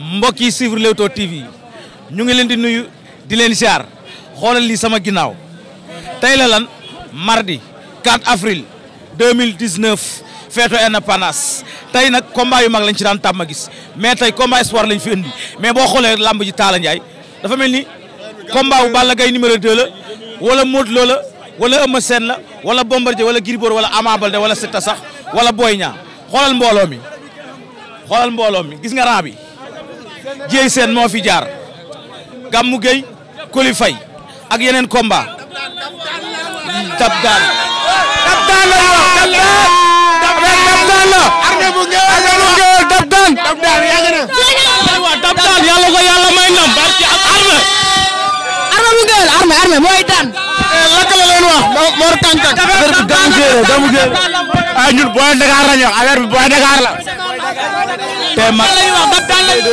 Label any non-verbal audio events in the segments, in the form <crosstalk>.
mbokk yi suivre Leewtoo TV ñu ngi leen di nuyu di leen siyaar xoolal lii sama ginnaaw tey la lan mardi 4 avril 2019 feeto indépendance tey nag combat yu mag lañ ci daan tàmm gis mais tey combat espoir lañ fi indi mais boo xoolee lamb ji Talla Ndiaye dafa mel ni combat bu Balla gay numéro 2 la wala Modou Lo la wala Eumeu Sène la wala Bombardier wala Gris wala Ama wala Siteu sax wala Boy ñaa xoolal mbooloo mi xoolal mbooloo mi gis nga raa bi jéey seen moo fi jaar Gammu Gueye Koli Faye ak yeneen combat dab daan dab daan la dab dab daan dab daan yàgg na dab daan yàlla ko yàlla may ndam barki ak arme arme bu ngeel arme arme mooy daan lakk eh, la leen wax Mor Kankan ay ah, ñun booy Dakar la ñu wax bi booy Dakar la te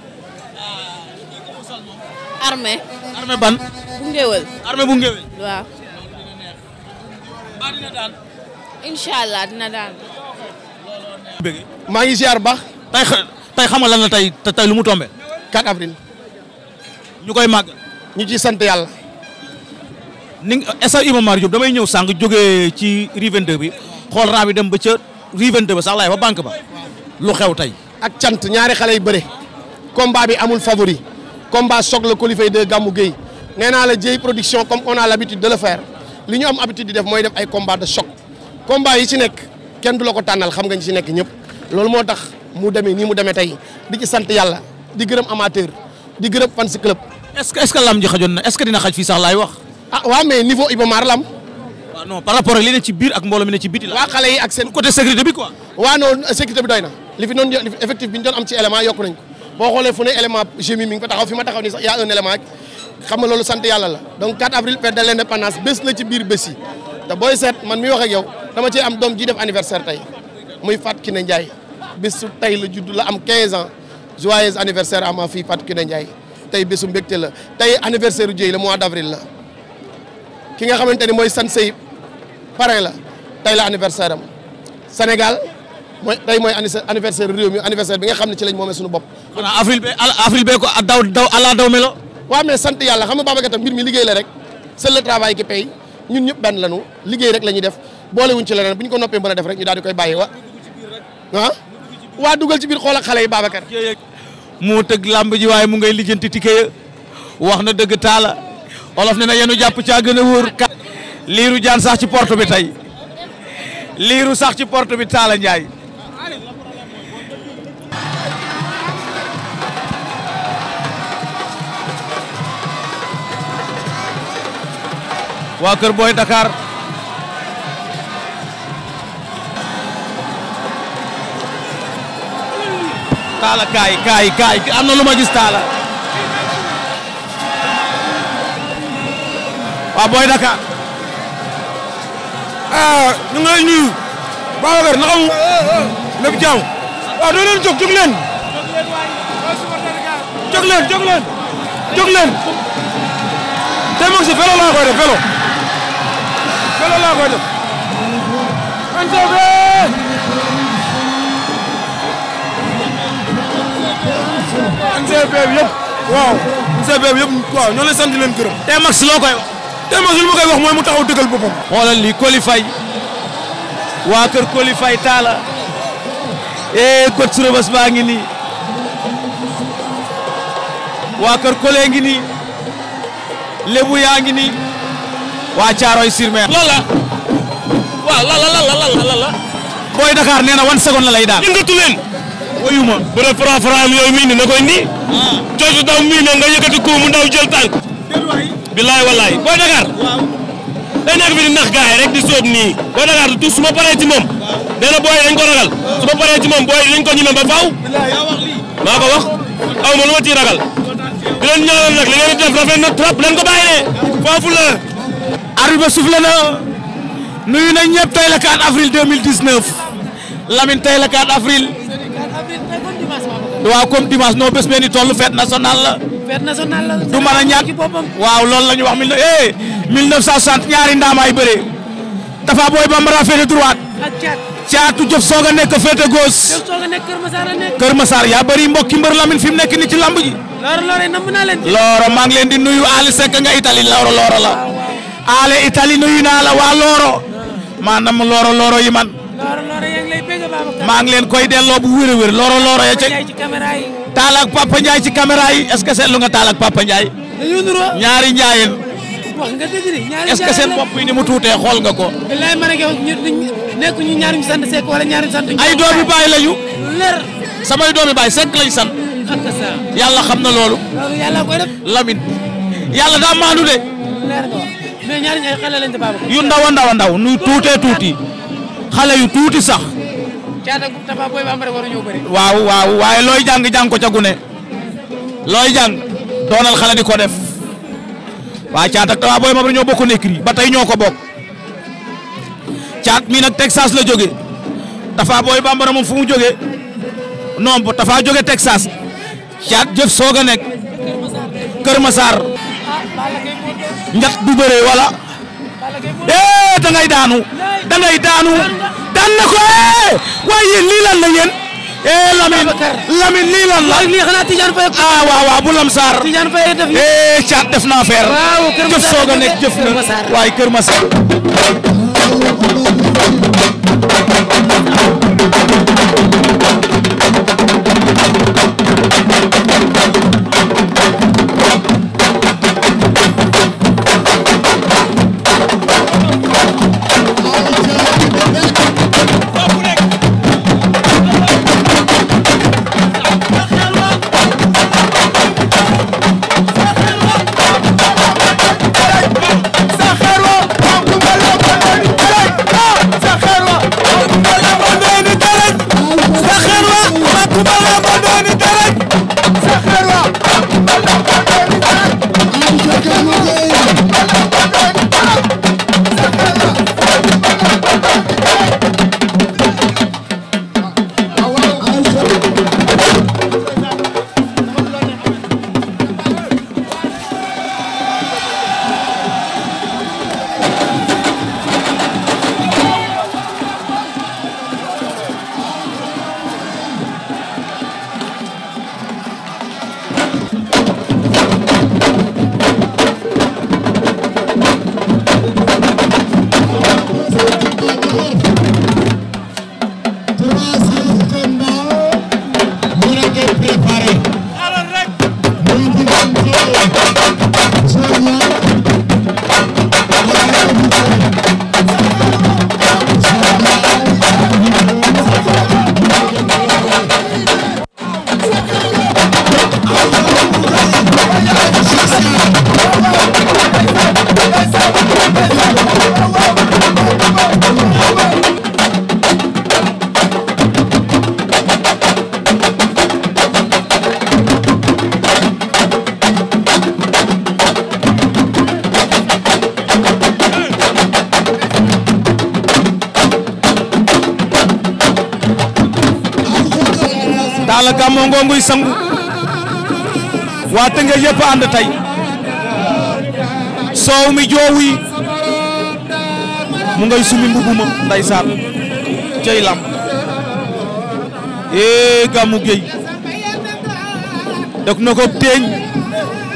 armée. armée ban. bu ngéwël. armée bu ngéwël. waaw. ba daan. maa ngi ziar baax. tey tey xam lan la tey tey lu mu tombé. 4 avril. ñu koy màgg. ñu ciy sant yàlla. ni Essa Iba Mar Diop damay ñëw sànq jógee ci Rue 22 bi xool raa dem ba ca Rue ba sax laay ba banque ba lu xew tey. ak cant ñaari xale yu bëre. combat bi amul favori combat Sokh la Coly Faye de Gamou Gueye nee naa la Dieye production comme on a l'habitude de le faire li ñu am habitude di def mooy def ay combat de choc combat yi ci nekk kenn du la ko tànnal xam nga ñu ci nekk ñëpp loolu moo tax mu demee nii mu demee tey di ci sant yàlla di gërëm amateur di gërëm fans club. est-ce que est-ce que lam ji xajoon na est-ce que dina xaj fii sax laay wax. ah waaw mais niveau Iba Mar boo xoolee fu ne élément gémi mi ngi fa taxaw fi ma taxaw nii sax y'a un élément ak xam nga loolu sant yàlla la donc 4 avril fête de l'indépendance bés la ci biir bés yi te booy seet man mi wax ak yow dama ci am doom ji def anniversaire tey muy Fatou Kiné Ndiaye bésu tey la judd la am 15 ans joyeux anniversaire à ma fille ki ne Ndiaye tey bésu mbégte la tey anniversaire u Dieye la mois d' avril la ki nga xamante ni mooy Sansey parrain la tey la anniversaire am mooy tey mooy anniversaire réew mi anniversaire bi nga xam ne ci lañ moomee suñu bopp. xanaa avril bee avril bee ko daw melo. waaw mais sant yàlla xam nga Babacar tam mbir mi liggéey la rek c'est le travail qui paye ñun ñëpp benn lañu liggéey rek la ñuy def boolewuñ ci leneen bu ñu ko noppee mën a def rek ñu daal koy bàyyi wa ah? waa dugal ci biir xool xale yi Babacar. mu tëgg làmb ji waaye mu ngay lijjanti tike ya wax na dëgg taala olof ne na yenu jàpp caa gën a wóor. liiru jaan sax ci porte bi tey liiru sax ci porte bi taala Ndiaye. waa Kër Boy Dakar taala kaay kaay kaay am na lu ma gis taala waa ah, naka mu lépp jàmm waaw doo leen jóg jóg leen jóg leen jóg leen te loolu laa koy def. NCP bi yëpp waaw NCP bi waaw ñoo leen sant leen gërëm. Tmax loo koy wax. Tmax lu ma koy wax mooy mu taxaw dëggal boppam. xoolal lii qualify waa kër qualify taala eh coach Rebeuss baa ngi nii waa kër Kole ngi nii Lebu yaa ngi nii. waa Thiaroye sur Mer. lan la waaw lan la lan la lan Boy na wan seconde la lay daal. yëngatu leen. wóyuma bu dee franc franc am yooyu na koy nii. Ah. coosu daw miin na nga yëkkati ko ndaw jël tànk. bilaay walaay Boy Dakar. day nekk fi di nax gaay rek di sóob nii. Boy Dakar du su ma moom. nee na booy dañ ko ragal. su ma paree ci moom booy dañ ko ñemee ba faaw. maa ko wax aw ma lu ma ciy ragal. di leen ñaanal nag li ngeen di def na trop ko bàyyi de arbitre soufflé na nuyu nañ ñëpp tey la 4 avril 2019 Lamine tey la 4 avril. waaw comme dimanche non bés bee ni toll fête nationale la. fête nationale du mën a ñàkk waaw loolu la ñu wax mille eh 1960 ñaari ndaama ay bëree. dafa booy bambara féete droite. caatu jëf soog a nekk féete gauche. jëf soog a nekk Kër Masar a nekk. Kër yaa bëri mbokki mbër Lamine fi mu nekk nii ci lamb ji. Looro naa leen. Looro maa ngi leen di nuyu Ali Seck nga Italie Looro Looro la. ale itali nuyu naa la waa Loro maanaam looro Loro yi man. maa ngi leen koy delloo bu wér a wér Loro Loro ya ca. Papa Ndiaye ci caméra yi est-ce que nga Talla ak Papa Ndiaye. ñaari njaayeen. est-ce que seen bopp yi mu tuutee xool nga ko. bilaay man ak yow nekk ñaari sant Seck wala ñaari ñu sant. ay doomi baay lañu. samay doomi baay Seck lañ sant. yàlla xam na loolu. yàlla koy daa maandu de. mais ñaari ay yu ndaw a ndaw a ndaw nuy tuutee tuuti xale yu tuuti sax. caata waaw waaw waaye looy jàng jàng ko ca gune looy jàng doonal xale di ko def waaye caata dafa booy ba ñoo bokk nekk ba ñoo ko bokk caat mi nag Texas la jóge dafa booy bambara moom fu mu jóge non dafa jóge Texas caat jëf soog a nekk Kër Masar. Ah, njat du bëree wala eh da ngay daanu da daanu daan na eh! waaye yéen lii lan la yéen. eh Lamine Lamine lii lan la. lii xanaa Tidiane Faye. ah waaw waaw bu Lamsaar. Tidiane eh, caat def naa feer. waaw Kër Masar jëf a nekk jëf waaye Kër mooy sangu waa tënge yëpp ànd tey soow mi joowuy mu ngay sumi mbubu ma ndeysaan cey lam ee Gamou Gueye dok na ko teeñ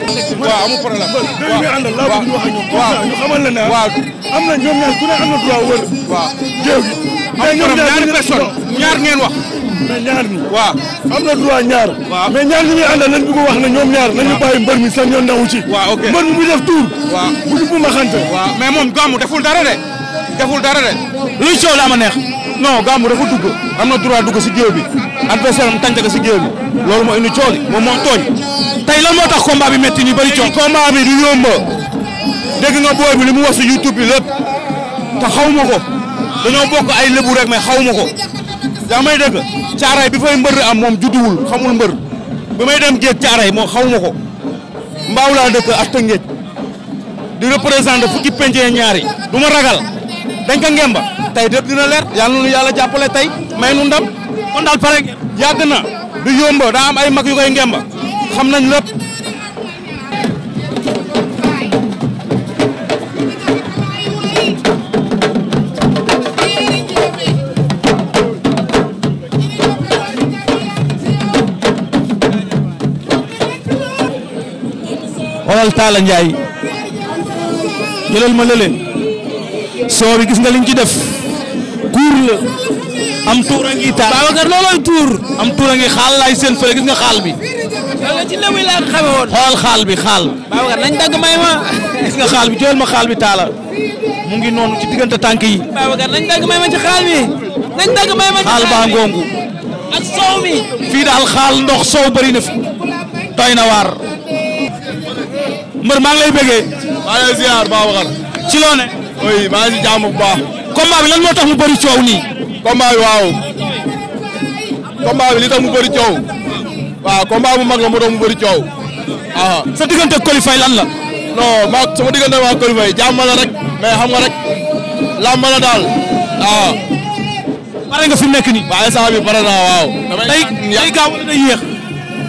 waaw amul problème waaw ñu àndal laa bëgg ñu wax ñoom. waaw ñu la ne ah. am na ñoom ñaar ku ne am na droit wër. waaw géew gi. mais ñoom ñaari personne ngeen wax. mais ñaar ñi. waaw am na ñaar. waaw mais ñaar ñi ñuy àndal nañ bëgg wax ne ñoom ñaar nañu bàyyi mbër mi sax ñoo ndaw ci. waaw ok mbër mi bu def tuur. waaw bu ñu bu ma xante. waaw mais moom gàmmu deful dara de. deful dara de. luy coow ama neex. non gàmmu dafa dugg. am na droit dugg si géew bi. adversaire am tàncax si géew bi loolu moo indi coow li moom moo tooñ tey lan moo tax combat bi métti ñu bëri coow combat bi du yomb dégg nga booy bi li mu wax YouTube bi lépp te xaw ma ko dañoo bokk ay lébu rek mais xaw ma ko yaa may dégg caaray bi fay mbër am moom judduwul xamul mbër bi may dem géej caaray moo xaw ma ko mbaaw laa dëkk ak Tëngéej di représenté fukki pencee ñaari du ma ragal dañ ko ngemba tey dëpp dina leer yàlla na yàlla jàppale tey may nu kon daal pare ngeen. na du yomba daa am ay mag yu koy ngemba xam nañ lépp. xoolal Talla Ndiaye jëlal ma lële soo bi gis nga liñ ci def. la am tuur a tuur am tuur a ngi xaal laay seen fële gis nga xaal bi loolu ci ndaw yi bi xaal Babacar nañ dagg may ma gis nga xaal bi jël ma xaal bi taala mu ngi noonu ci diggante tànk yi Babacar nañ dagg may ma ci xaal bi nañ dagg ak soow mi fii daal xaal ndox soow bëri na fi doy na waar mbër maa lay bëggee maa ngi lay ziar ci loone oui maa ngi si jàmm bu baax combat bi lan moo tax mu bëri coow nii. combat bi waaw li tax mu bëri coow waaw combat bu mag la moo tax mu bëri coow sa diggante Coly lan la. non ma sama diggante waa Coly Faye jàmm la rek mais xam nga rek làmb la daal waaw. pare nga fi nekk nii. waaw instant bi pare naa waaw. damay day gaaw wala day yéex.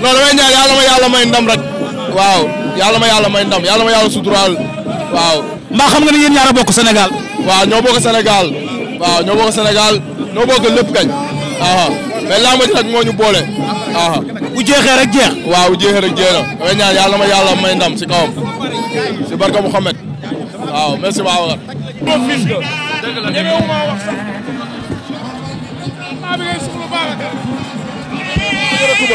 non damay ñaan yàlla ma yàlla may ndam rek. waaw yàlla ma yàlla may ndam yàlla ma yàlla suturaal waaw. mbaa xam nga ni yéen a bokk senegal waaw ñoo a Sénégal waaw ñoo bokk Sénégal ñoo bokk lépp kañ waaw mais làmb ji nag moo boole waaw. bu jeexee rek jeex. waaw bu jeexee na damay may ndam si si barka Mouhamed waaw merci Babacar. dëgg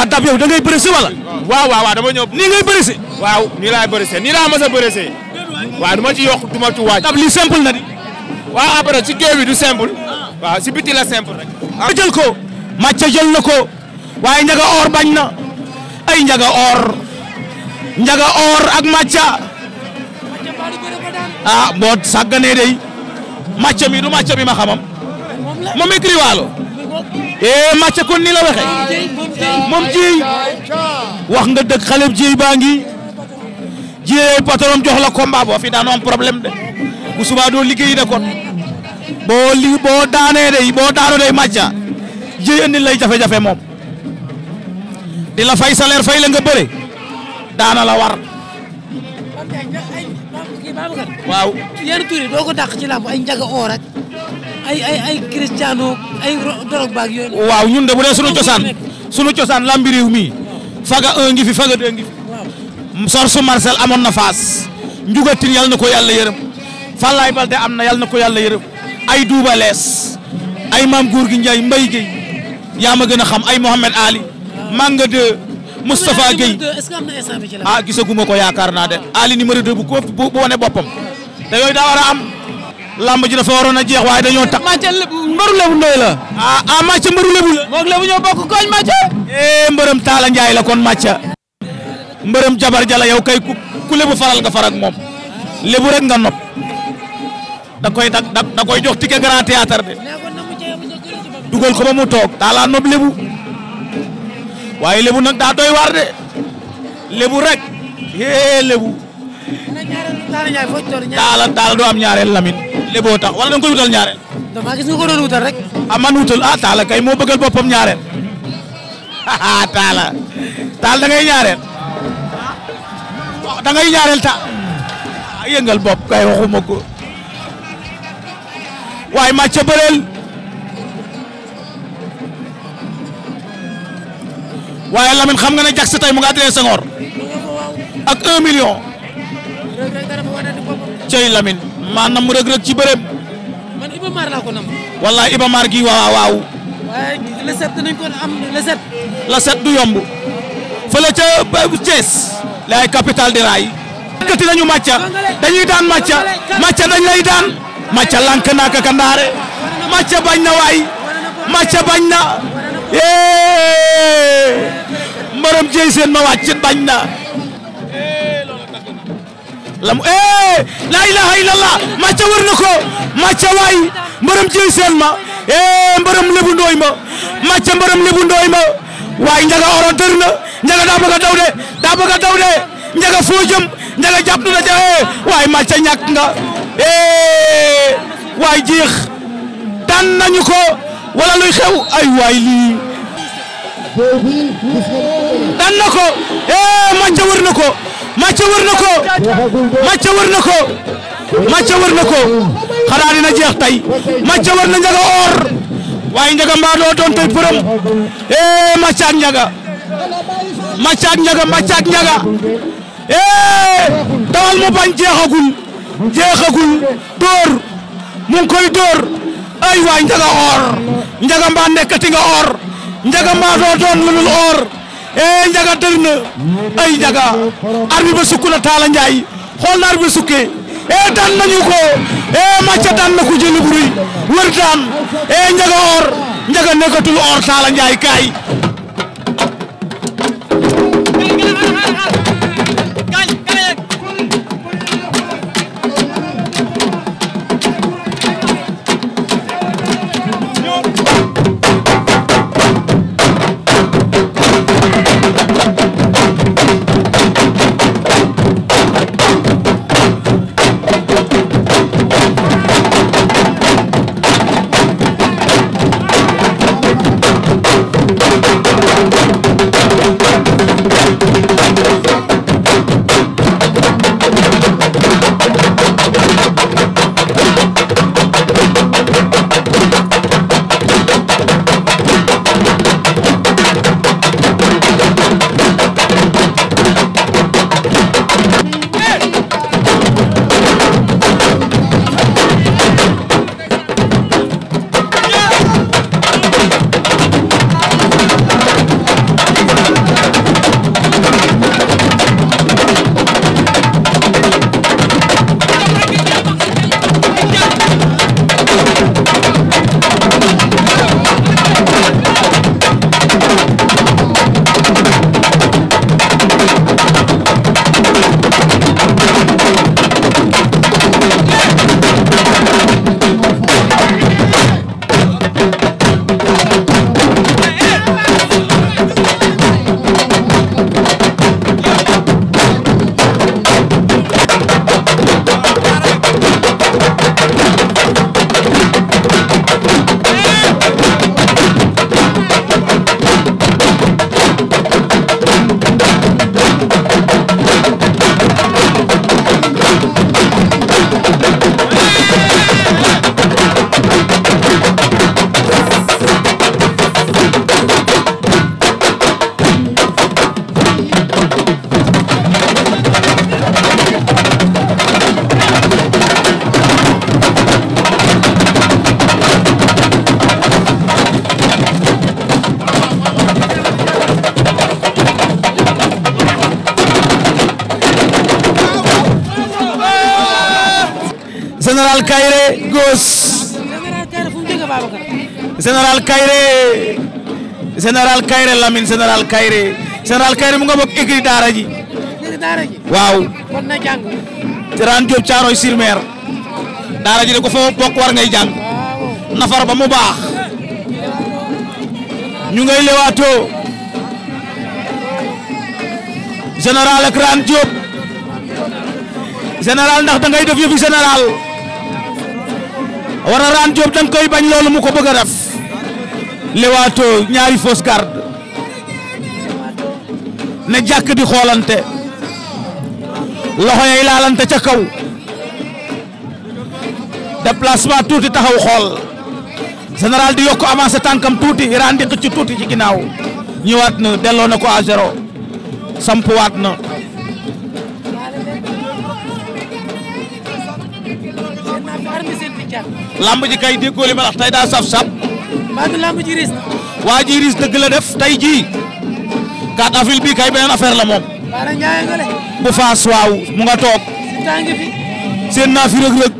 waa dab yow da ngay bëri si wala. waaw waaw waaw dama ñëw. nii ngay bëri waaw nii laay bëri see nii laa mës a bëri see. waaw du ma ci yokk du ma ci waaj. na di. waaw après du simple. waaw si biti la simple rek. Ah, ma jël ko. Macha jël na ko. waaye Ndiaga Or bañ na. ay Ndiaga Or. Ndiaga Or ak Macha. ah boo sàgganee day. Macha mi du Macha mi ma xamam. moom écrit waalo. ee eh, màcce kon ni la moom jiy wax nga dëgg xaleb jiy baa ngi jiyee patron jox la combat boo fi daanoo am problème de bu doo liggéeyi de kon boo li boo daanee day boo daanoo day màcca jiy indi lay jafe-jafe moom di la fay salaire fay la nga bëre daana la war waaw. yenn ay ay ay Cristiano ay Drogba ak yooyu. waaw ñun de bu dee sunu cosaan sunu cosaan lambi réew mi faga un ngi fi faga deux ngi fi. waaw amoon na faas. Njugatin yal na ko yàlla yërëm Fallaye Balde am na yal na ko yàlla yërëm ay Douba ay maam góor gi Ndiaye mbay Guèye yaa ma gën a xam ay Mohamed Ali Manga de Moustapha Guèye ah gisaguma ko yaakaar naa de Ali numéro 2 bu ko bu wane boppam te daa war am. lamb ji dafa waroon a jeex waaye dañoo tax Mathieu mbëru lebu ndoy la. ah ah Mathieu mbëru lebu la. moog lebu ñoo bokk koñ Mathieu. eh mbërëm Talla Ndiaye la kon Mathieu. mbërëm jabar jala yow kay ku ku lebu faral nga farak moom lebu rek nga nopp da koy da koy jox ticket grand théâtre de. dugal ko ba mu toog Talla nopp lebu waaye lebu nag daa doy waar de lebu rek eh lebu. taala taala doo am ñaareel Lamine leboo tax wala koy wutal ñaareel. damaa ah, wutal ah taala kay moo bëggal boppam ñaareel <laughs> ah taala taala da ngay ñaareel ah, da ñaareel ta ah yëngal bopp kay waxuma ko waaye ma ca bëreel waaye Lamine xam nga ne jag sa mu ngi adressé Senghor ak 1 million. cey Lamine maa nam Reug Reug ci bërëb. man Iba Mar gi waaw waaw. waaye le sept nañ ko am le le sept du di raay. yëkkati nañu Macha dañuy daan Macha Macha dañ lay daan Macha lank naa ka kandaare bañ na waay Macha bañ na. mbaram jéy ma wàcc bañ na. Eh, la mu eh laa ilaha illallah Macha war mbërëm jiy seen ma eh mbërëm lebu ndooy ma Macha mbërëm lebu ndooy ma waay njaga oro tër njaga daa bëgg a daw njaga foo njaga jàpp na ca eh waay nga eh waay jeex daan nañu ko luy xew ay waay lii. daan na ko eh Macha war Macha wër na ko Macha wër na ko Macha wër na ko xanaa jeex tay Macha wër na Ndiaga or waaye Ndiaga mbaa doo doon tey përëm eh Macha ak Ndiaga Macha ak eh, dawal mu bañ jeexagul jeexagul door mu koy door ay waay Ndiaga or Ndiaga mbaa nekkati nga or Ndiaga mbaa doo doon lu dul or. ee njaga tër na ay njaga arbi ba sukk na taala njaay xool na arbi ba sukkee ee daan nañu ee macca daan na ko wër daan ee njaga or njaga nekkatul or taala njaay kaay Lamine général Kayre général Kayre mu nga bokk écrit daara ji. waaw. kon na jàng. Caaroy sur daara ji de ko fa bokk war ngay jàng. nafar ba mu baax. ñu ngay lewaatoo. général Raan Diop. général ndax da ngay def yëfi général. war a Raan Diop da koy bañ loolu mu ko bëgg a def. lewaatoo ñaari fausse garde. ne jàkk di xoolante loxo yay laalante ca kaw déplacement tuuti taxaw xool général di yokk avancé tànkam tuuti Iran ci tuuti ci ginnaaw ñëwaat na delloo na ko à zéro sampuwaat na lamb ji kay déggoo li ma wax tey daa saf sap. waa ji risque dëgg la def tey jii. 4 avril bi kay beneen affaire la moom. bu faas waaw mu nga toog. seen naa fi rëg-rëg.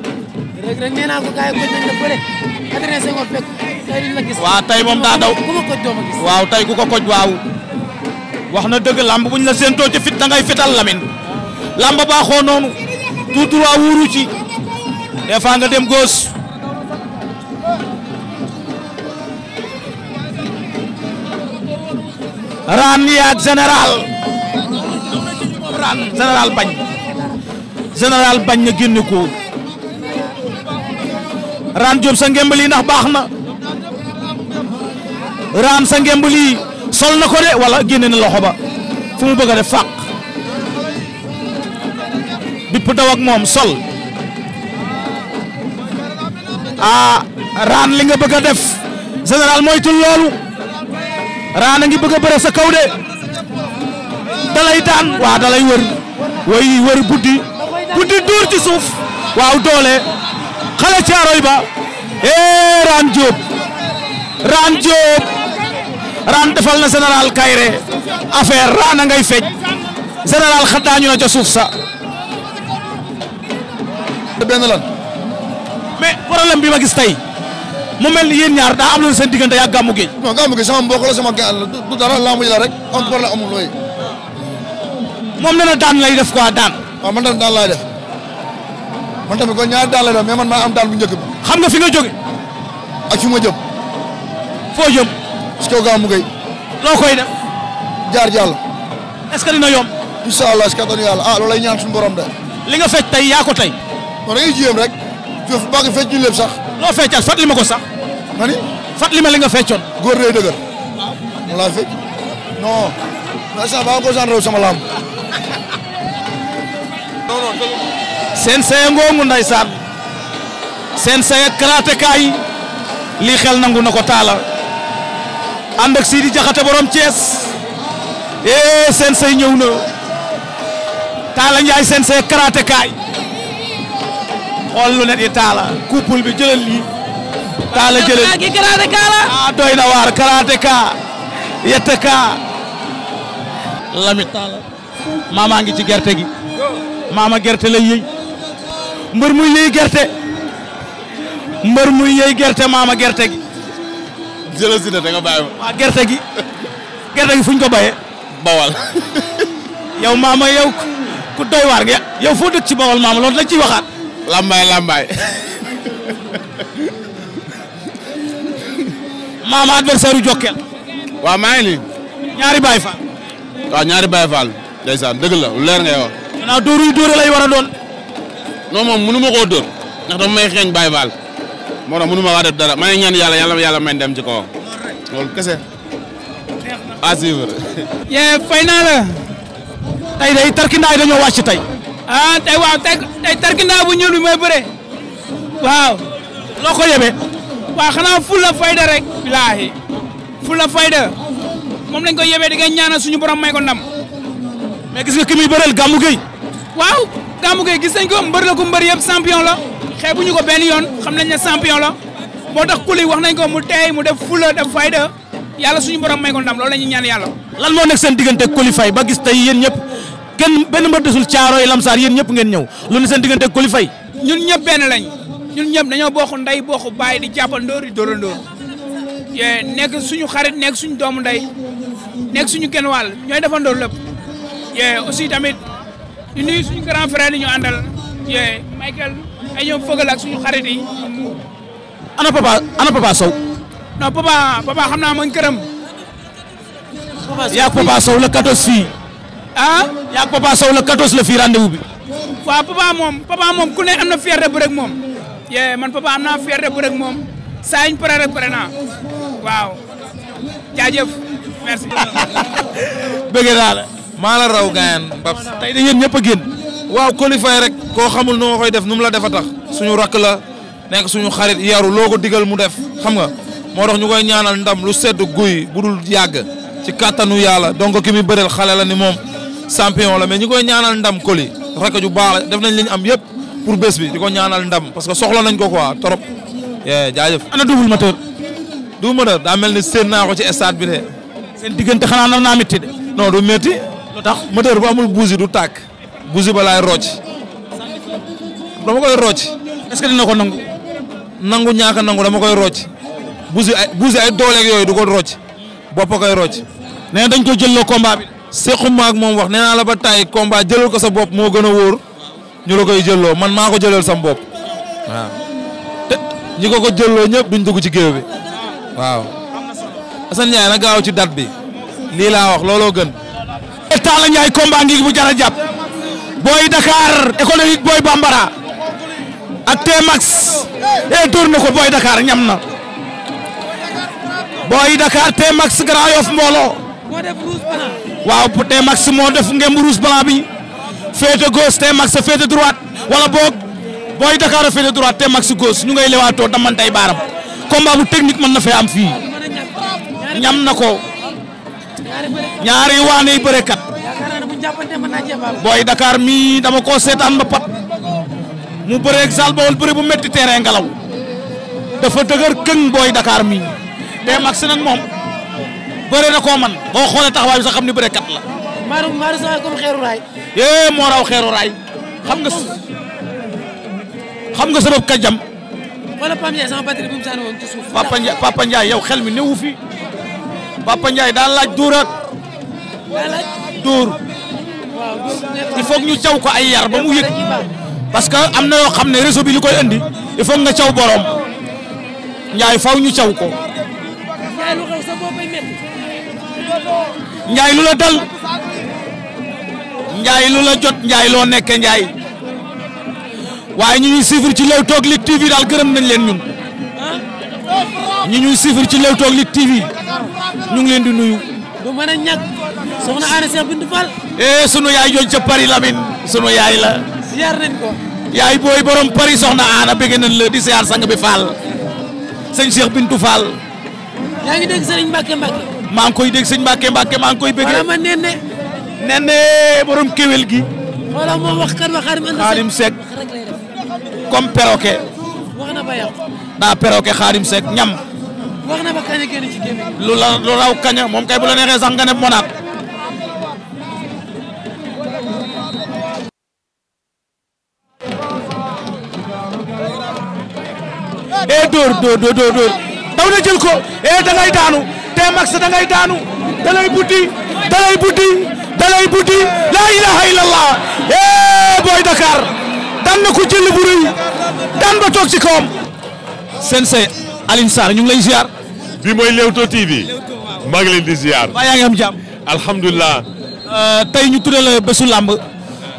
rëg-rëg nee naa ko gars waaw tey moom daa waaw tey ku ko koj waaw. wax na dëgg lamb buñ la séentoo ci fit da ngay fital lamin. lamb baaxoo noonu. tout droit wuuru ci. des nga dem gauche. ran yaag général ran général bañ général bañ na génn ko ran Diop sa ngemb lii ndax baax na ran sa ngemb sol na ko de wala génne na loxo ba fu mu bëgg a def fàq bipp daw ak moom sol ah ran li nga bëgg a def général moytul loolu raana ngi bëgg a bëre sa kaw de dalay daan waa dalay wër way wër buddi buddi duur ci waaw doole xale caaroy ba ee raan jóob raan jóob raan defal na général kayre affaire raana ngay fecc général xadaañu na ca sa benn lan mais problème bi ma gis tey mu mel ni yéen ñaar daa am na seen diggante yàgg gàmmu gi. non gàmmu gi sama mbokk sama gaal la du dara laamu ji la rek am problème amul looy. moom nee na daan lay def quoi daan. waaw man tamit daan laay def man tamit kon ñaari daan lay def mais man maa am daan bu njëkk bi. xam nga fi nga jóge ak fi ma jëm. foo jëm. si kaw gàmmu loo koy def. jaar jàll. est-ce que dina yomb. incha allah si ah, ñaan suñu borom de. li nga fecc tey yaako ko tey. kon rek. fi baa ngi fecc sax. loo feccaat fàttali ma ko sax. ma ni ma li nga feccoon. góor day dëgër. waaw laa fecc non. macha allah ko gendarme sama laam. non non. seen saye ngooŋu ndeysaan. seen saye karateka yi. lii xel nangu na ko taala. ànd ak Sidi Jaxate borom Thiès. eh seen say ñëw na. Taala Ndiaye seen saye karateka yi. xool lu ne di taala couple bi jëlal lii taala jëlal lii ah, doy na waar karaate kaa yette kaa lamit taala maamaa ngi ci gerte gi maama gerte la yëy mbër muy yëy gerte mbër muy yëy gerte maama gerte gi jëlal si ne da nga bàyyi ma gerte gi gerte gi fu ñu ko bayee bawal yow maama yow ku doy waar nga yow foo dëkk ci bawal maama loolu lañ ciy waxaat lambaay lambaay. maama adversaire yu Jokkel. waaw maa ngi nii. ñaari Baye Fall. waaw ñaari Baye Fall. ndeysaan dëgg la lu leer ngay wax. xanaa dóor yu dóore lay war a doon. non moom mënu ma koo dóor. ndax dafa may xeeñ Baye Fall. dara ma ñaan yàlla yàlla yàlla may dem ci kawam. loolu kese. à suivre. yee fay naa la. tey day tarkindaay dañoo ah tey waaw tey tey tarkindaa bu ñuul bi mooy bëre waaw. loo ko yebe waaw xanaa fulla fayda rek. bilaahi fulla fayda moom nañ ko yebe di nga ñaanal suñu borom may ko ndam. mais gis nga ki muy bëreel gàmmu gay waaw gàmmu gis nañ ko mbër la ku mbër yëpp champion la xeebuñu ko benn yoon xam nañ ne champion la boo tax kuli wax nañ ko mu teey mu def fulla def fayda yàlla suñu borom may ko ndam loolu la ñuy ñaan yàlla. lan moo nekk seen diggante fay ba gis tey yéen ñëpp kenn benn mbër desul caaro yi lamsaar yéen ñëpp ngeen ñëw lu ne seen diggante ak Coly Faye ñun ñëpp benn lañ ñun ñëpp dañoo bokk nday bokk baay di jàppandoor di dóorandoor nekk suñu xarit nekk suñu doomu nday nekk suñu kenn wàll ñooy defandoor lépp aussi tamit ñu nuyu suñu grand frère yi ñu àndal Michael ay ñoom fëgal ak suñu xarit yi ana papa ana papa Sow non papa papa xam na ma ngi këram yaa papa Sow la 14 fii ah yaa ak Papa Sow la 14 la fii rendez bi. waaw Papa moom Papa moom ku ne am na fierté bu rek moom. yee man Papa am naa fierté bu rek moom saa ñu rek pare naa waaw jaajëf merci. <laughs> naa la. maa la raw gaayan Babs. tey de yéen ñëpp a génn. waaw qualifié rek. koo xamul noo koy def nu mu la defa tax. suñu rakk la nekk suñu xarit yaru loo ko digal mu def xam nga moo tax ñu koy ñaanal ndam lu sedd guy bu dul yàgg ci kàttanu yàlla donc ki muy bëreel xale la ni moom. champion la mais ñu koy ñaanal ndam Coly rakk ju baax la def nañ li am yëpp pour bés bi di ko ñaanal ndam parce que soxla nañ ko quoi trop. jaajëf ana double moteur. double moteur daa mel ni séen naa ko ci stade bi de. seen diggante xanaa na naa métti de. non du métti. lu tax moteur bu amul buusi du tàkk. buusi ba laay rocc. dama koy rocc. est-ce dina ko nangu. nangu ñaaka nangu dama koy rocc. buusi ay ay dooleeg yooyu du ko rocc. bopp koy rocc. nee dañ ko jël sequma ak moom wax nee naa la ba tay combat jëlal ko sa bopp moo gën a wóor ñu la koy jëlloo man maa ko jëlal sam bopp waaw te ñi ko ko jëlloo ñëpp duñ dugg ci géew bi waaw. Assane Ndiaye na gaaw ci date bi lii wax looloo gën. Talla Ndiaye combat ngi bu jar a jàpp. Boy Dakar Bambara ak T-Max eh dóor na ko Boy Dakar ñam na. Boy Dakar T-Max Grand Yoff mbooloo. moo waaw bu tey max moo def ngemb rouge blanc bi féete gauche tey max féete droite wala boog booy Dakar a droite tey max gauche ñu ngay lewaatoo damantay baaram combat bu technique mën na fee am fii ñam na ko ñaari waane yu bëre kat booy Dakar mi dama koo seetaan ba pat mu bëree ak Zal Baol bëri bu metti terrain dafa dëgër këng booy Dakar mi tey max nag moom. bëre na koo man boo xoolee taxawaay bi sax xam ni bëre kat la. Maodo Maodo Sall comme xeeru eh, moo raw xeeru raay. xam nga xam nga sabab kajam. wala Papa Ndiaye sama batterie bi mu sànni yow xel mi newu fi Papa njaay daan laaj dóoraat. dóor. waaw il ñu caw ko ay yar ba mu yëg. parce que am na yoo xam ne réseau bi li koy indi il faut nga caw borom Ndiaye faw ñu caw ko. Ndiaye lu la dal Ndiaye lu la jot njaay loo nekke Ndiaye waaye ñu ñuy suivre ci Leewtoo ak Lutte TV daal gërëm nañ leen ñun ñu ñuy suivre ci Leewtoo ak Lutte ñu ngi leen di nuyu. du mën a soxna Ana Cheikh Bintou Fall. eh sunu yaay jooju ca Paris Lamine sunu yaay la. ziar nañ ko. yaay booy borom Paris soxna Ana bëgg nañ la di ziar sang bi Fall sëñ Cheikh Bintou Fall. yaa ngi dégg Serigne Mbacke Mbacke. maa ngi koy dégg sëñ Mbacke Mbacke maa ngi koy bëggee. wala ma nenne. nenne borom kéwél gi. xoolal moom wax kan daa perroquet Xaadim Seck ñam. lu la lu moom kay bu neexee sax nga ne monaat. e eh, dóor dóor dóor na jël ko e da ngay T-Max da ngay daanu da lay buddi da lay buddi da lay buddi la eh, daan na ko jël bu rëy daan ba toog ci kawam. Sensei Alioune Sarr ñu ngi lay ziar. bi mooy Leewtoo TV maa ngi leen di ziar. waaw yaa ngi am jàmm. alhamdulilah. Euh, tey ñu tuddee la bésu làmb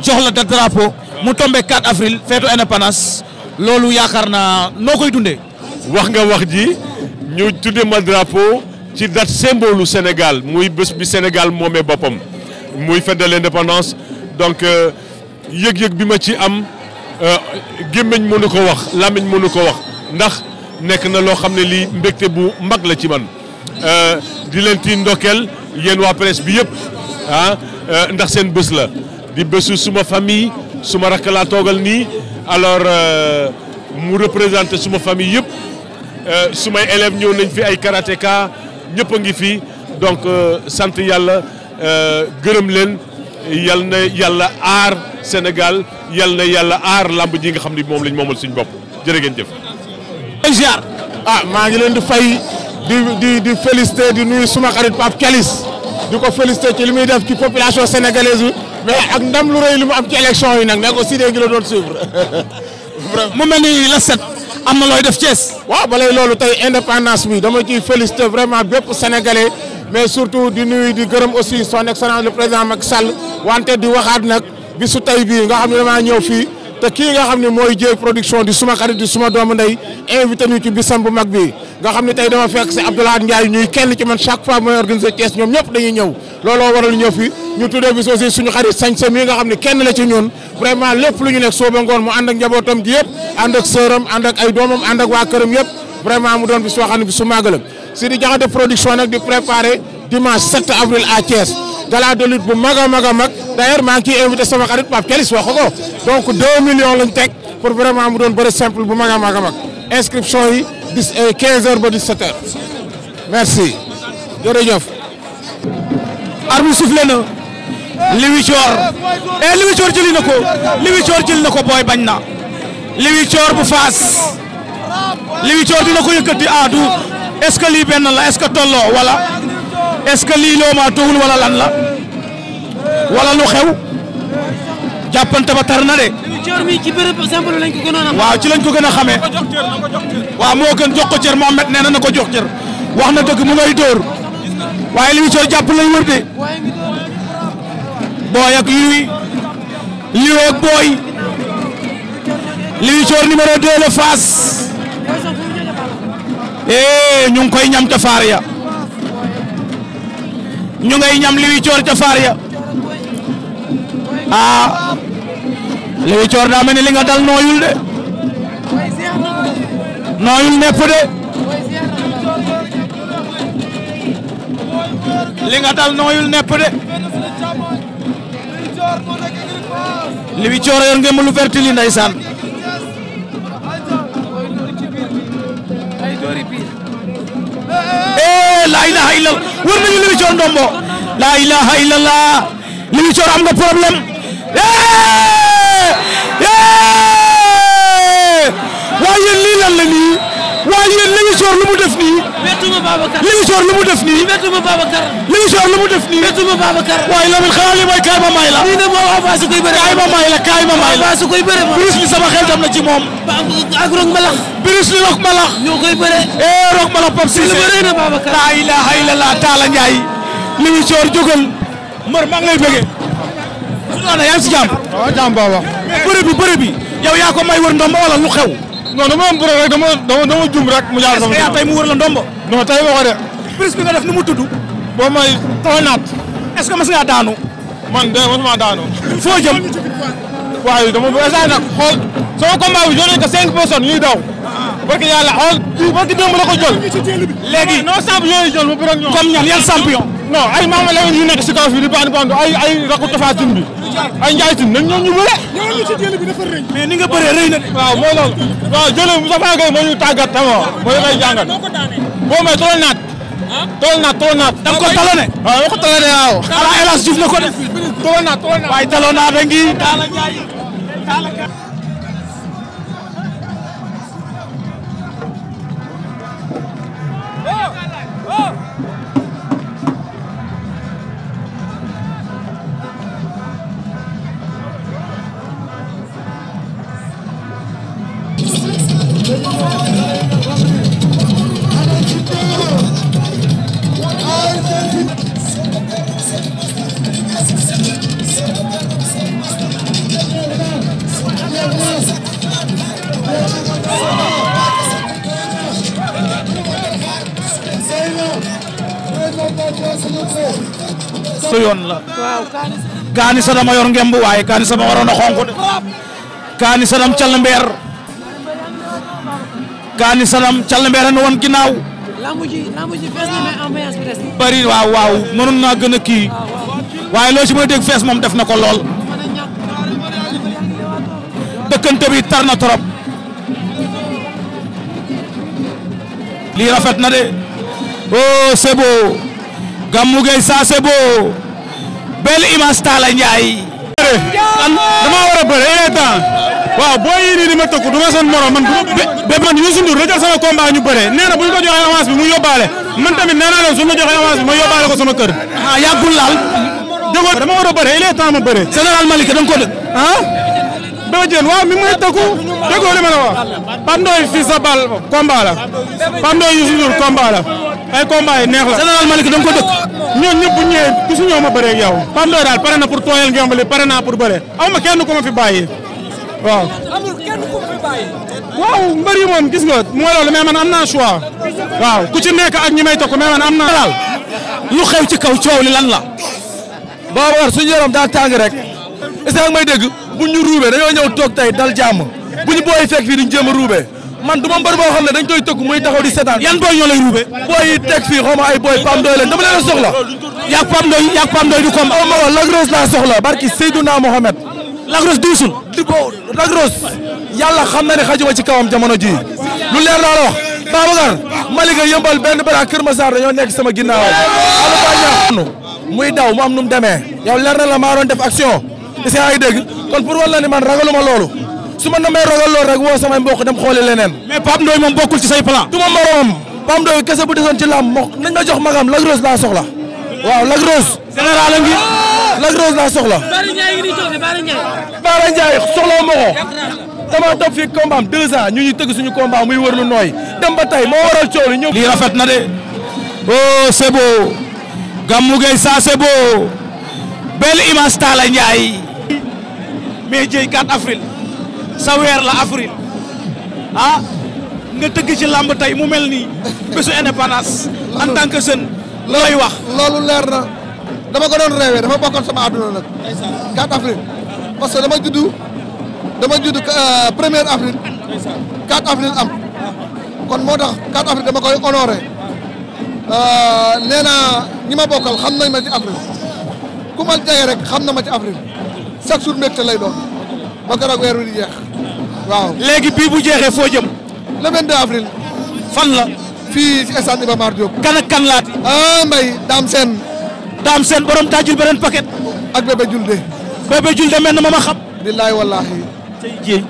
jox la drapeau mu tombé 4 avril feetu indépendance loolu yaakaar naa noo koy dundee. wax nga wax ji ñu tuddee ma drapeau. ci date symbole Sénégal mooy bés bi Sénégal moomee boppam mooy fête de l'indépendance donc euh, yëg-yëg bi ma ci am euh, gémmiñ mënu ko wax làmmiñ mënu ko wax ndax nekk na loo xam ne lii mbégte bu mag la ci man euh, di leen ti ndokkeel yéen waa presse bi yëpp ah ndax seen bés la di bésu suma famille suma rakk laa toogal nii alors mu représenté suma famille yëpp sumay élèves ñëw nañ fi ay karatéka ñëpp a ngi fii donc euh, sant yàlla euh, gërëm leen yal na yàlla aar Sénégal yal na yàlla aar làmb ji nga xam ni moom lañ moomal suñu bopp jërë geen jëf. ah maa ngi leen di fay di di di félicité di nuyu suma xarit Pape Thialis di ko félicité ci li muy def ci population sénégalaise bi mais ak ndam lu rëy li mu am ci élection yi nag nag aussi dégg la doon suivre. <laughs> mu mel ni la set. am na looy def cees waaw balay loolu tey indépendance bi dama ciy félicité vraiment bépp sénégalais mais surtout di nuyu di gërëm aussi son excellence le président mag Sall wante di waxaat nag bisu tey bii nga xam ne damaa ñëw fii. te kii nga xam ne mooy Dieye production di suma xarit di suma doomu ndey invité ñu ci bisam bu mag bi nga xam ne tey dama fekk si Abdoulaye Ndiaye ñuy kenn ci man chaque fois mooy organiser Thiès ñoom ñëpp dañuy ñëw looloo waral fi ñu tuddee bis aussi suñu xarit sañse mi nga xam ne kenn la ci ñun vraiment lépp lu ñu nekk sooba mu ànd ak njabootam gi yëpp ànd ak sëram ànd ak ay doomam ànd ak waa këram vraiment mu doon bis soo xam ne bi su màgg la si di jaxate production nag di préparé dimanche 7 avril à Thiès gala de bu mag a mag a mag d'ailleurs maa ngi ciy invité sama xarit Pape Kelis wax donc 2 millions lañ teg pour vraiment mu doon bëri simple bu mag a mag a mag inscription yi 10 15 euh, heures ba Liwi Coor eh Liwi na ko Liwi Coor ko booy bañ na Liwi Coor bu faas Liwi dina ko yëkkati ah du ce que lii benn la est-ce que tolloo wala est-ce que lii loo maa lan la wala lu xew jàppante ba tar na de. cër mi ci béréb simple waaw ci lañ ko gën a xame waaw moo gën jox ko cër Mohamed nee na na ko jox cër. wax na dëgg mu ngay dóor. waaye li jàpp lañ wër de. booy ak liwi liwi ak booy liwi coor numéro la Fass ee eh, ñu ngi koy ñam ca faar ya ñu ngay ñam liwi coor ca faar ya aa liwi coor mel ni li nga dal nooyul de nooyul nepp de li nga dal nooyul nepp de. li bi cooro ngeen lu vert li ndeysaan. eh laa ilaha illallah war nañu li bi cooro ndombo. laa ilaha illallah li bi cooro nga problème. eh eh waaye lii lan la nii. waaye yéen Linguichor lu mu def nii. wettuma lu mu def nii. wettuma Babacar. mu def nii. wettuma Babacar. waaye Lamine xanaa lii mooy kaay ma may la. lii nag moom avance koy bëre. kaay ma may la kaay ma may la avance koy bëre ma. Bruce li sama xel dem na ci moom. ak li Rock Malax. ñoo koy bëre. eh Rock Malax ilaaha illallah Talla Ndiaye. Linguichor jógal. Mor maa ngi lay bëggee. su doon na yaa ngi si jàmm. waaw oh, jàmm booba. bëre bi bëre bi yow yaa ko may wër lu xew non dama am rek dama dama dama jum rek. mu jaar sama est-ce que tey mu wër la ndombo. non tey ma ko de. prise bi nga def nu mu tudd. boo may taw naat. est-ce que mas ngaa daanu. man de mosuma daanu. foo jëm. waaye dama bëgg instant nag xool sama combat bi jëlee ko cinq personnes ah. yooyu ma bëri ak ñoom. comme ñan yan champion. non ay maama leneen yu nekk si kaw fii di bandi bandi ay ay rakku Tapha bi. ay Ndiaye Tine nañ ñoom ñu bëre. ci jëli bi dafa rëy. mais nga bëree rëy na de. waaw mooy loolu waaw jëli bi Moustapha Gueye moo ñu tama moo ñu koy boo may tool naat. Ah? tool naat tool naat. da nga ko talone. waaw na ko def. tool naat tool a Sadam a yor ngemb waaye Kaani a xonq de Kaani Sadam Thial Mbeer Kaani Sadam Thial na mais bari waaw waaw mënoon gën a kii ah, waaye loo ci mën a fees moom def na ko lool dëkkante bi tar na lii rafet de oh c'est beau Gamou Gueye belle image Talla Ndiaye. dama war a bëre il eh, est temps waaw boo yii ma tëkku du ma seen man du ma ba man Youssou Ndour da jël sama combat ko joxee avance bi mu yóbbaale man tamit nee naa leen ma joxee avance bi ma yóbbaale ko sama kër. a ah, yàggul laal. déggoo dama war a bëre il est temps ma bëre. général Malick da nga ko dëgg. ah. Bébé Diène waaw mi ngi may tëkku déggoo li ma la bal combat la Pape Ndoye Youssou ay combat yi neex la. général Malick da nga ko dëkk. ñoon ñëpp bu ñëwee gisu ñoo ma bëree ak yow. PAM doy daal pare na pour tooyal ngeen bëri pare naa pour bëree aw ma kenn ku ma fi bàyyi waaw. amul kenn ku ma fi bàyyi. waaw mbër yi moom gis nga mooy loolu mais man am naa choix. waaw ku ci nekk ak ñi may tokk mais man am naa. daal lu xew ci kaw coow li lan la. Babacar suñu yaram daa tàng rek. est-ce que may dégg bu ñu ruubee dañoo ñëw toog tey dal jàmm bu ñu booy fekk fii duñ jéem a ruubee man du ma mbër boo xam ne dañ koy tëgg muy taxaw di seetaan. yan booy ñoo lay ruube. booy yi teg fii xaw ma ay booy Pam Doy leen dama leen a soxla. yàgg Pam Doy yàgg Pam du combat. xaw ma Lagros laa soxla barki Seydouna Mohamed. Lagros diwsul. Lagros yàlla xam na ne xajuma ci kawam jamono ji lu leer laa la wax. Babacar Malika yëmbal benn bara Kër Massar dañoo nekk sama ginnaaw. allo. muy daw mu am nu mu demee. yow leer na la maa doon def action. is yaa ngi dégg kon pour wàllu ni man ragaluma loolu. su ma namee ragal lool rek woo samay mbokk dem xooli leneen. mais Pape Ndoye moom bokkul ci say plan. du ma moromam Pape Ndoye kese bu desoon ci làmb moom nañ ma jox magam Lac Rose laa soxla. waaw Lac Rose. général ngi. Lac Rose laa soxla. Baara Ndiaye ngi nii toog Baara Ndiaye. fii combat am deux ñu ñuy tëgg suñu combat muy wër lu nooy dem ba tey moo waral coow li ñëw. lii rafet na de. oh c'est beau. Gamou Gueye ça c'est beau. belle image Talla Ndiaye. mais jëy 4 sa weer la avril ah nga tëgg ci làmb tey mu mel nii bésu indépendance en tant que jeune wax loolu leer na dama ko doon reewee dafa bokkoon sama àdduna nag 4 avril parce que dama judd dama judd premier avril 4 avril am kon moo tax 4 avril dama koy honoré euh, nee naa ñi ma bokkal xam nañ ma ci avril ku rek xam na ma ci avril chaque jour mbégte lay doon ba keroog weer waaw. léegi bii bu jeexee foo jëm. le 22 avril. la. fii ci stade Iba Mar Diop. kan ak kan laati. ah Mbaye Dame Sène. Dame Sène borom taajul beneen paquet. ak bébé Julde. bébé Julde mel na ma ma xam. billaay wallaahi. tey jéeg.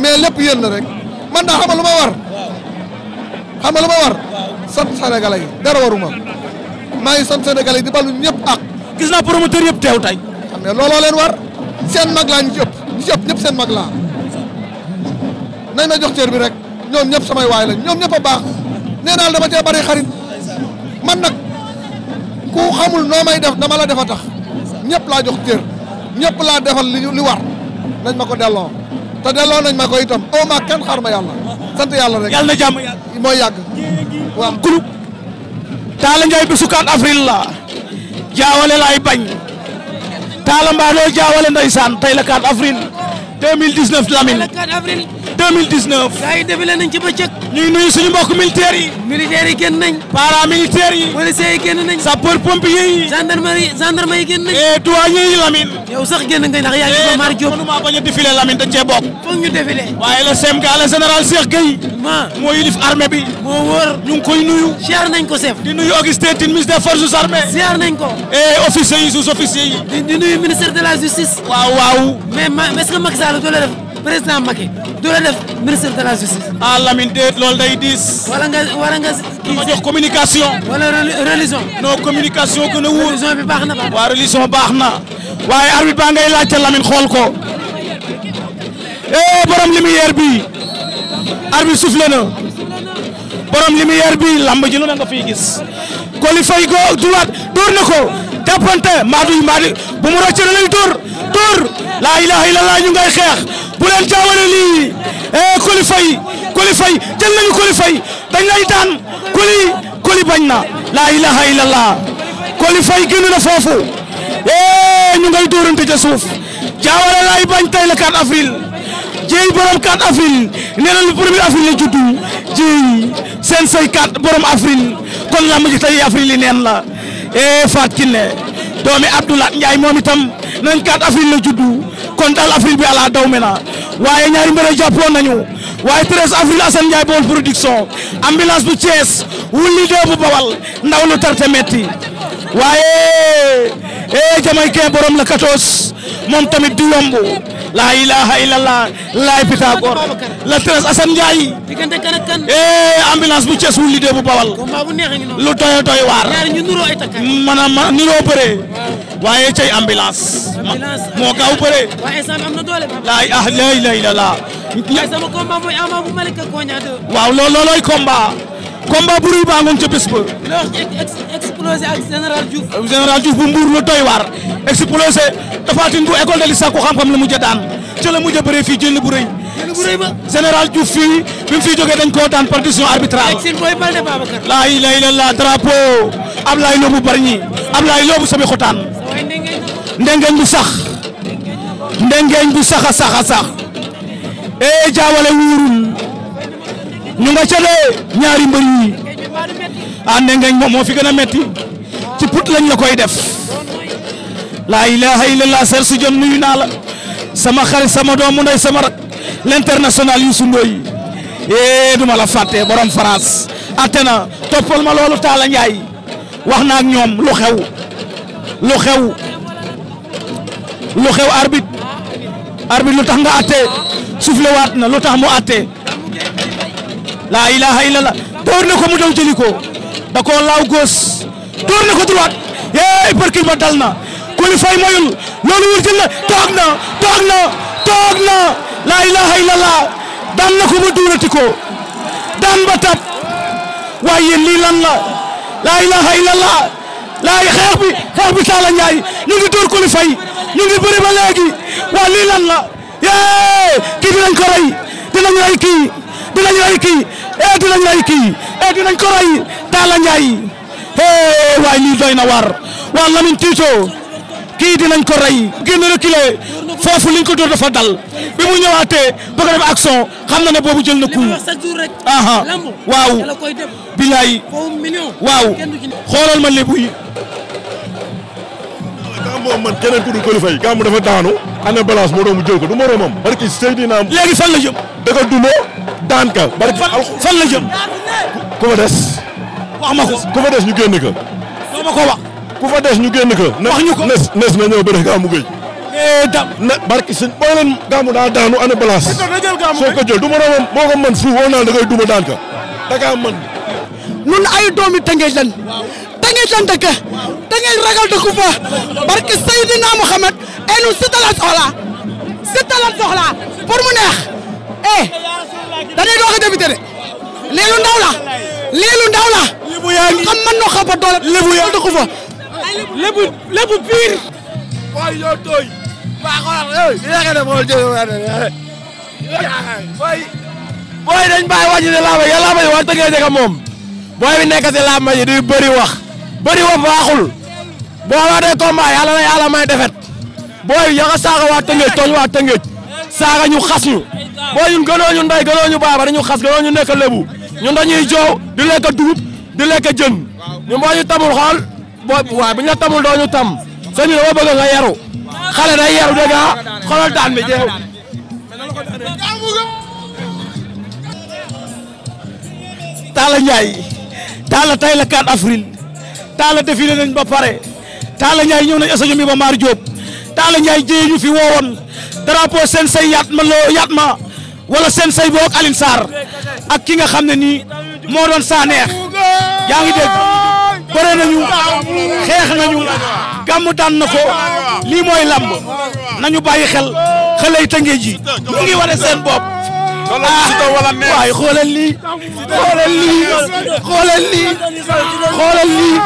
mais lépp yéen la rek. man daa xamal lu ma war. xam nga lu ma war. sant Sénégalais yi dara waruma. maa ngi sant Sénégalais yi di balu ñëpp ak. gis naa promoteur yëpp teew tey. xam nga looloo leen war. seen mag laa ñu ñu ëpp seen mag laa nañ ma jox cër bi rek ñoom ñëpp samay waay lañ ñoom ñëpp a baax nee naa la dama cee bari xarit man nag ku xamul noo may def dama la def a tax ñëpp laa jox cër ñëpp laa defal li li war nañ ma ko delloo te delloo nañ ma koy itam oo ma kenn xaar ma yàlla sant yàlla rek. yàlla na jàmm yàlla mooy yàgg. waaw groupe. Talla Ndiaye bésu 4 avril la jaawale laay bañ. Talla Mbaye doo jaawale ndeysaan tey la 4 avril 2019 Lamine 2019. gars yi défilé nañ ci bëccëg. ñuy nuyu suñu mbokk yi. militaires yi génn nañ. paramilitaires yi. policiers yi génn nañ. sapeur pompier yi. gendarmerie gendarmerie yi génn nañ. et yi Lamine. yow sax génn nga ndax yaa ngi ko eh, maar Diop. mënuma bañ a défilé Lamine dañ cee bokk. foog ñu défilé. waaye le CMK le général Cheikh Gueye. moo yilif armée bi. moo wóor ñu koy nuyu. ziar nañ ko chef. di nuyu Augustin Tine ministre des forces armées. ko. et officiers yi sous officiers yi. di nuyu ministère président Macky du la def ministre de justice. ah Lamine déet loolu day diis. wala nga wala communication. wala communication gën a wóor. baax na baax na. waaw religion baax waaye arbitre ba ngay laajte Lamine xool ko. eh borom lumière bi arbitre soufflé borom lumière bi lamb ji lu nga fiy gis. Coly Faye go ko jàppante Madou bu mu rocce lay door laa ilaaha illallah ñu ngay xeex. bu leen jaawale lii eh, Coly Faye Coly Faye jël nañu Coly Faye dañ lay daan Coly Coly bañ na laa ilaha illallah Coly Faye génn na foofu eh, ñu ngay dóorante ca suuf jaawale laay bañ tey la 4 avril jéey borom 4 avril nee na le premier avril la juddu jéey seen say 4 borom avril kon làmb ji tey avril yi neen la e Fatou Kiné doomi Abdoulaye Ndiaye moom itam nañ 4 avril la juddu kon daal avril bi ala daw mena waaye ñaari mbër jàppoon nañu waaye 13 avril Assane Ndiaye production ambulance bu Thiès wulli dee bu bawal ndaw lu tarte metti waaye eh Jamaïcain borom la 14 moom tamit du yomb laa ilaaha illallah laay Pythagore la 13 Assane Ndiaye eh bu Thiès wulli dee bu bawal lu doy doy waar maanaam ma niroo bëree. waaye cay ambulance. ambulance moo gaaw bëree. na doole ba. laay ah lay lay la waaw loolooy combat. combat bu rëy ba ngoon ca bés ba. ex explosé ak général Diouf. Euh, général Diouf bu mbuur lu doy waar. explosé dafa tin bu école de lisa ko xam-xam la mujj a daan ca la mujj a bëree fii jënd bu rëy. général Diouf fii bi mu fiy dañ koo daan par décision arbitrale. exil booy Balde Babacar. laa ilaaha illallaah drapeau Ablaye Loobu Loobu Sëbi Xotaan. ndengeñ bu sax ndengeñ bu sax a sax a sax ee jaawale wuurul ñu nga ca ñaari mbër yi a ndengeñ moo fi gën a metti ci put lañ la koy def laa ilaaha illallah ser su jom nuyu naa la sama xarit sama doomu ndey sama rak l'international Youssou Ndoye ee duma la fàtte borom France atena toppal ma loolu Talla Ndiaye wax naa ñoom lu xew lu xew lu xew lu tax nga àttee soufflé na lu tax mu àttee laa ilaaha illallah door na ko mu daw jëli ko da koo laaw góos door na ko droite yee percule ba dal na Coly Faye moyul loolu wër jël na toog na toog na toog na laa ilaaha na ko mu duurati ko daan ba tab waaye lii lan la laa ilaaha laay xeex bi xeex bi Talla Ndiaye ñu ngi dóor Coly Faye ñu ngi bëri ba léegi waa lii yee kii dinañ ko rey dinañ rey kii dinañ rey kii eh dinañ eh, ko rey Talla Ndiaye eh doy na war waa Lamine Tito kii dinañ ko rey génn reculé foofu liñ ko dóor dafa dal bi mu ñëwaatee bëgg a def xam na ne boobu jël na coup aha waaw bilaay waaw xoolal ma lébu yi moom man keneen ku dul kilifa yi gàmm dafa daanu ana balance moo doon mu jël ko du moroomam barki Seydina léegi fan la jëm da ko duma daan ka barki fan la jëm ku fa des wax ma ñu génn ko ku fa des ñu génn ko. wax ñu ko nes nes na ñëw bëre gàmmu gëj. Eh, dam na barki sëñ boo leen gàmmu daanu ana balaas. soo ko jël du ma doon boo ko mën suuf woo duma daan ka da ngaa mën. ay doomi Tëngéej lan Tëngéej lan dëkk Tëngéej ragal dëkku fa barki Seydina Mohamed et eh, nous si talan soxla si talan soxla pour mu neex eh dañuy doog a débuté de lii lu ndaw la lii lu ndaw la. lébu yaa dëkku fa. lébu lébu pire. booy yoo tooy. waa xoolal yooyu. yéen a ngi dem xool jëloon waaye moom. booy bi nekk si laama yi bëri wax. bëri wax baaxul. boo waatee combat yàlla na yàlla may defet. booy bi saaga waa Tëngéej tooñ waa Tëngéej. saaga ñu xas ñu. booy ñun gënoo ñu ndey gënoo ñu xas gënoo ñu nekk ñun dañuy joow di lekk dugub di lekk jën. ñu boo ñu tamul xool boo waaye bu ñu la tamul doo ñu tam sëñ bi dama bëgg nga yaru xale day yaru dégg nga daan bi jeex. Talla Ndiaye Talla tey la 4 avril Talla défilé nañ ba pare Talla Ndiaye ñëw nañ stade bi Iba Mar Diop Talla Ndiaye jëye fi woowoon drapeau seen say yaat ma loo yaat ma wala seen say boog Alioune Sarr ak ki nga xam ne nii moo doon saa neex yaa ngi dégg. bëre nañu xeex nañu gàmm daan na ko lii mooy lamb nañu bàyyi xel xale yi tënkee ji ñu ngi wane seen bopp. ah waaye xoolal lii